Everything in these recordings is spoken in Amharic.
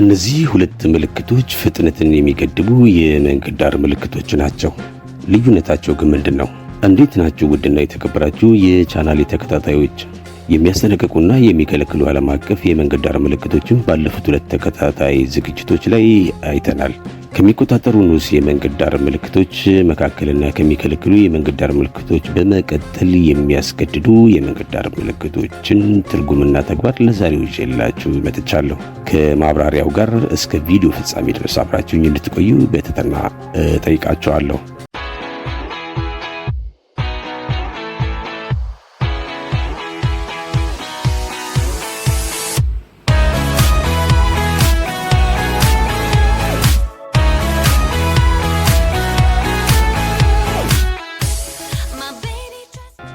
እነዚህ ሁለት ምልክቶች ፍጥነትን የሚገድቡ የመንገድ ዳር ምልክቶች ናቸው። ልዩነታቸው ግን ምንድን ነው? እንዴት ናችሁ? ውድና የተከበራችሁ የቻናሌ ተከታታዮች የሚያስጠነቅቁና የሚከለክሉ ዓለም አቀፍ የመንገድ ዳር ምልክቶችን ባለፉት ሁለት ተከታታይ ዝግጅቶች ላይ አይተናል። ከሚቆጣጠሩ ንዑስ የመንገድ ዳር ምልክቶች መካከልና ከሚከለክሉ የመንገድ ዳር ምልክቶች በመቀጠል የሚያስገድዱ የመንገድ ዳር ምልክቶችን ትርጉምና ተግባር ለዛሬው ይዤላችሁ መጥቻለሁ። ከማብራሪያው ጋር እስከ ቪዲዮ ፍጻሜ ድረስ አብራችሁኝ እንድትቆዩ በትህትና እጠይቃችኋለሁ።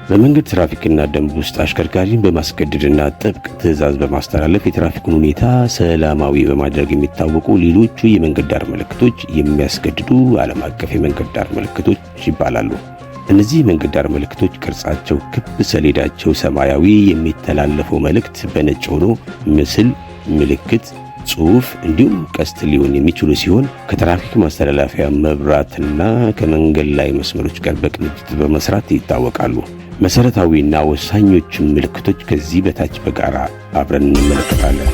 በመንገድ ትራፊክና ደንብ ውስጥ አሽከርካሪን በማስገደድና ጥብቅ ትዕዛዝ በማስተላለፍ የትራፊክን ሁኔታ ሰላማዊ በማድረግ የሚታወቁ ሌሎቹ የመንገድ ዳር ምልክቶች የሚያስገድዱ ዓለም አቀፍ የመንገድ ዳር ምልክቶች ይባላሉ። እነዚህ የመንገድ ዳር ምልክቶች ቅርጻቸው ክብ፣ ሰሌዳቸው ሰማያዊ፣ የሚተላለፈው መልእክት በነጭ ሆኖ ምስል፣ ምልክት፣ ጽሑፍ እንዲሁም ቀስት ሊሆን የሚችሉ ሲሆን ከትራፊክ ማስተላለፊያ መብራትና ከመንገድ ላይ መስመሮች ጋር በቅንጅት በመስራት ይታወቃሉ። መሠረታዊና ወሳኞችን ምልክቶች ከዚህ በታች በጋራ አብረን እንመለከታለን።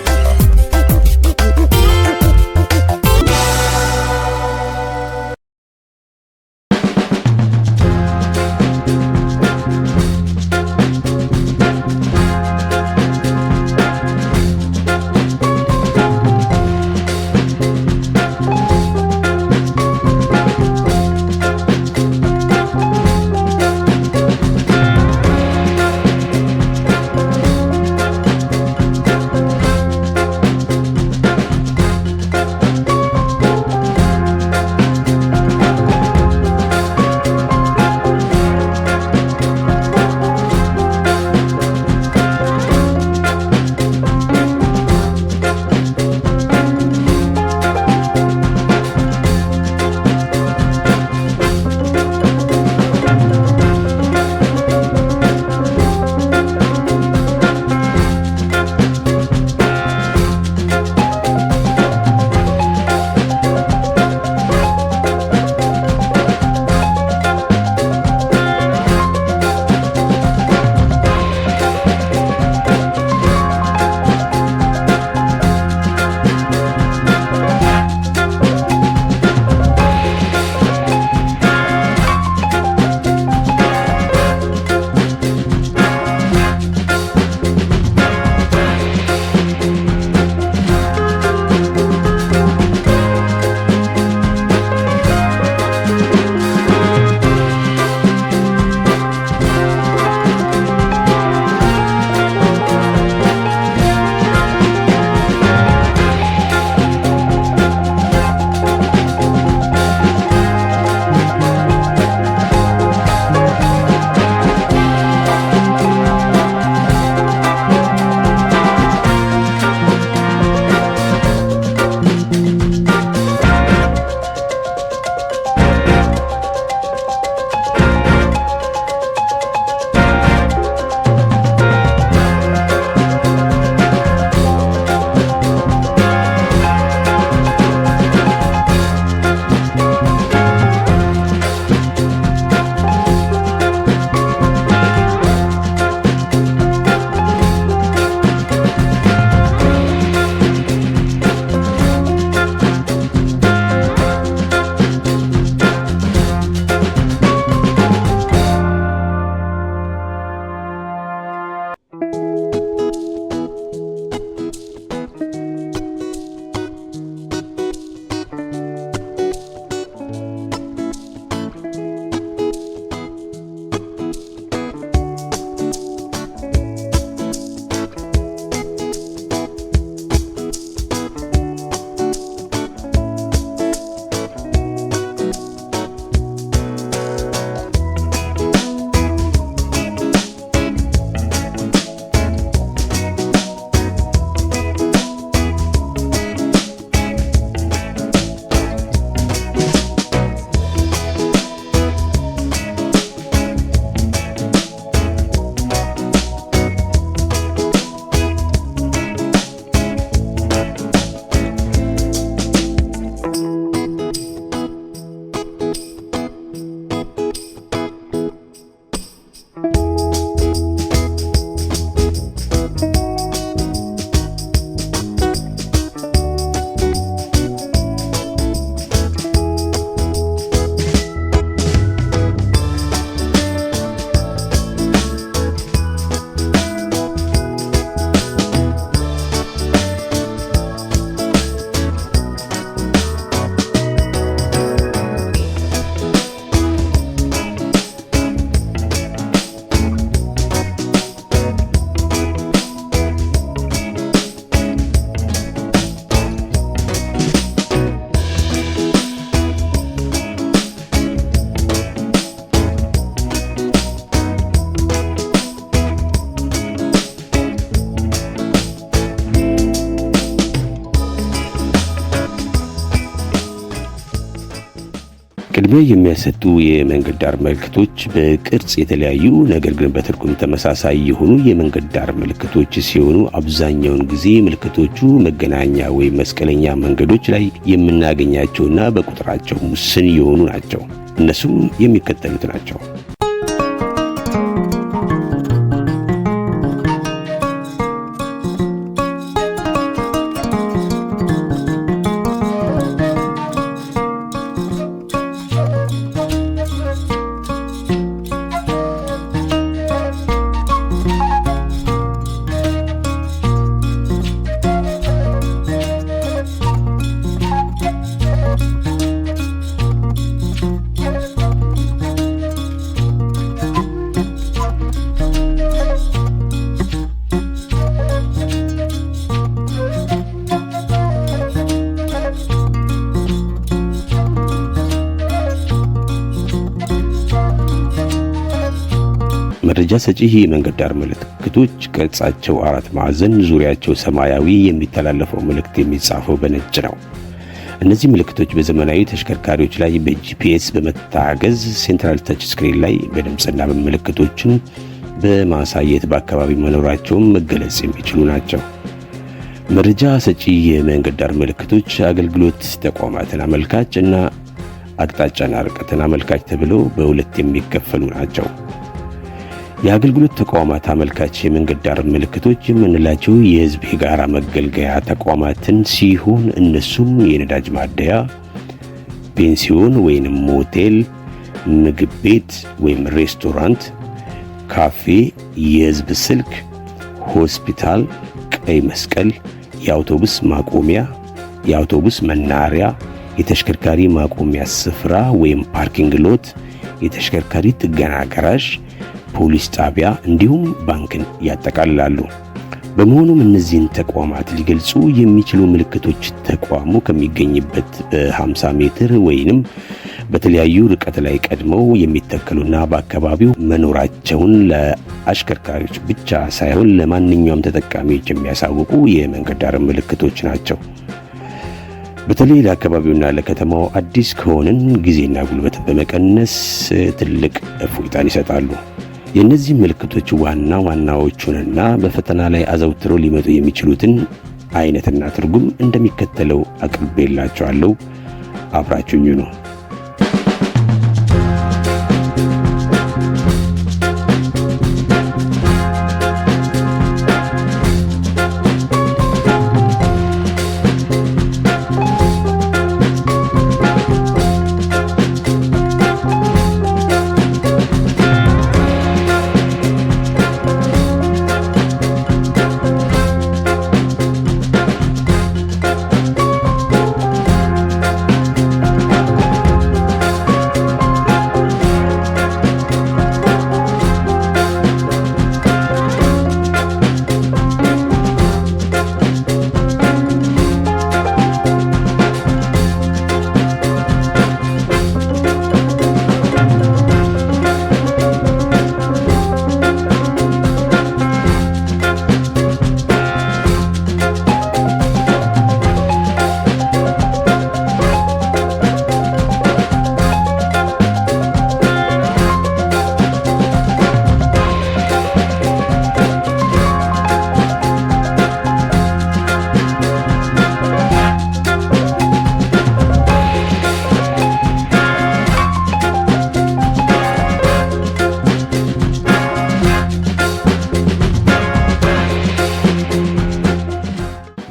ቅድሚያ የሚያሰጡ የመንገድ ዳር ምልክቶች በቅርጽ የተለያዩ ነገር ግን በትርጉም ተመሳሳይ የሆኑ የመንገድ ዳር ምልክቶች ሲሆኑ አብዛኛውን ጊዜ ምልክቶቹ መገናኛ ወይም መስቀለኛ መንገዶች ላይ የምናገኛቸውና በቁጥራቸው ውስን የሆኑ ናቸው። እነሱም የሚከተሉት ናቸው። መረጃ ሰጪ የመንገድ ዳር ምልክቶች ቅርጻቸው አራት ማዕዘን፣ ዙሪያቸው ሰማያዊ፣ የሚተላለፈው ምልክት የሚጻፈው በነጭ ነው። እነዚህ ምልክቶች በዘመናዊ ተሽከርካሪዎች ላይ በጂፒኤስ በመታገዝ ሴንትራል ተች ስክሪን ላይ በድምፅና በምልክቶችን በማሳየት በአካባቢ መኖራቸውን መገለጽ የሚችሉ ናቸው። መረጃ ሰጪ የመንገድ ዳር ምልክቶች አገልግሎት ተቋማትን አመልካች እና አቅጣጫና ርቀትን አመልካች ተብለው በሁለት የሚከፈሉ ናቸው። የአገልግሎት ተቋማት አመልካች የመንገድ ዳር ምልክቶች የምንላቸው የህዝብ የጋራ መገልገያ ተቋማትን ሲሆን እነሱም የነዳጅ ማደያ፣ ፔንሲዮን ወይንም ሞቴል፣ ምግብ ቤት ወይም ሬስቶራንት፣ ካፌ፣ የህዝብ ስልክ፣ ሆስፒታል፣ ቀይ መስቀል፣ የአውቶቡስ ማቆሚያ፣ የአውቶቡስ መናሪያ፣ የተሽከርካሪ ማቆሚያ ስፍራ ወይም ፓርኪንግ ሎት፣ የተሽከርካሪ ጥገና ጋራዥ ፖሊስ ጣቢያ እንዲሁም ባንክን ያጠቃልላሉ። በመሆኑም እነዚህን ተቋማት ሊገልጹ የሚችሉ ምልክቶች ተቋሙ ከሚገኝበት በ50 ሜትር ወይንም በተለያዩ ርቀት ላይ ቀድመው የሚተከሉና በአካባቢው መኖራቸውን ለአሽከርካሪዎች ብቻ ሳይሆን ለማንኛውም ተጠቃሚዎች የሚያሳውቁ የመንገድ ዳር ምልክቶች ናቸው። በተለይ ለአካባቢውና ለከተማው አዲስ ከሆንን ጊዜና ጉልበትን በመቀነስ ትልቅ እፎይታን ይሰጣሉ። የእነዚህ ምልክቶች ዋና ዋናዎቹንና በፈተና ላይ አዘውትሮ ሊመጡ የሚችሉትን አይነትና ትርጉም እንደሚከተለው አቅርቤላቸዋለሁ። አብራችኙ ነው።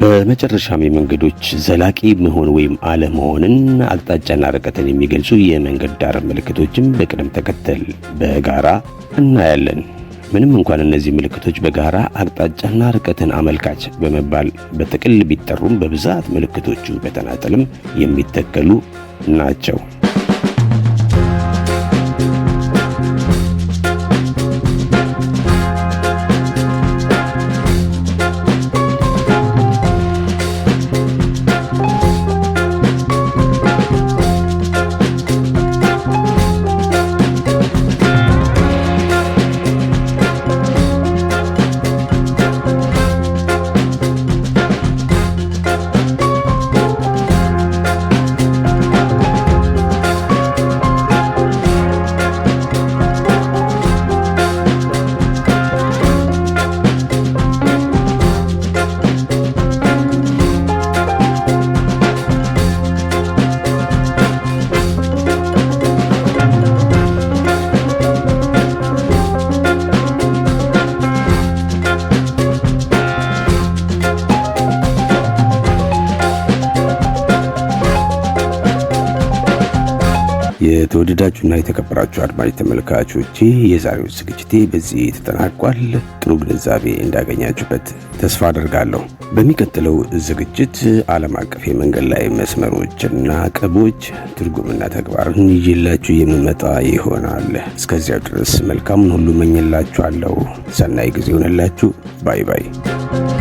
በመጨረሻም የመንገዶች ዘላቂ መሆን ወይም አለመሆንን አቅጣጫና ርቀትን የሚገልጹ የመንገድ ዳር ምልክቶችን በቅደም ተከተል በጋራ እናያለን። ምንም እንኳን እነዚህ ምልክቶች በጋራ አቅጣጫና ርቀትን አመልካች በመባል በጥቅል ቢጠሩም በብዛት ምልክቶቹ በተናጠልም የሚተከሉ ናቸው። የተወደዳችሁና የተከበራችሁ አድማጭ ተመልካቾቼ የዛሬው ዝግጅቴ በዚህ ተጠናቋል። ጥሩ ግንዛቤ እንዳገኛችሁበት ተስፋ አደርጋለሁ። በሚቀጥለው ዝግጅት ዓለም አቀፍ የመንገድ ላይ መስመሮችና ቅቦች ትርጉምና ተግባርን ይዤላችሁ የምመጣ ይሆናል። እስከዚያው ድረስ መልካሙን ሁሉ መኝላችኋለሁ። ሰናይ ጊዜ ሆነላችሁ። ባይ ባይ።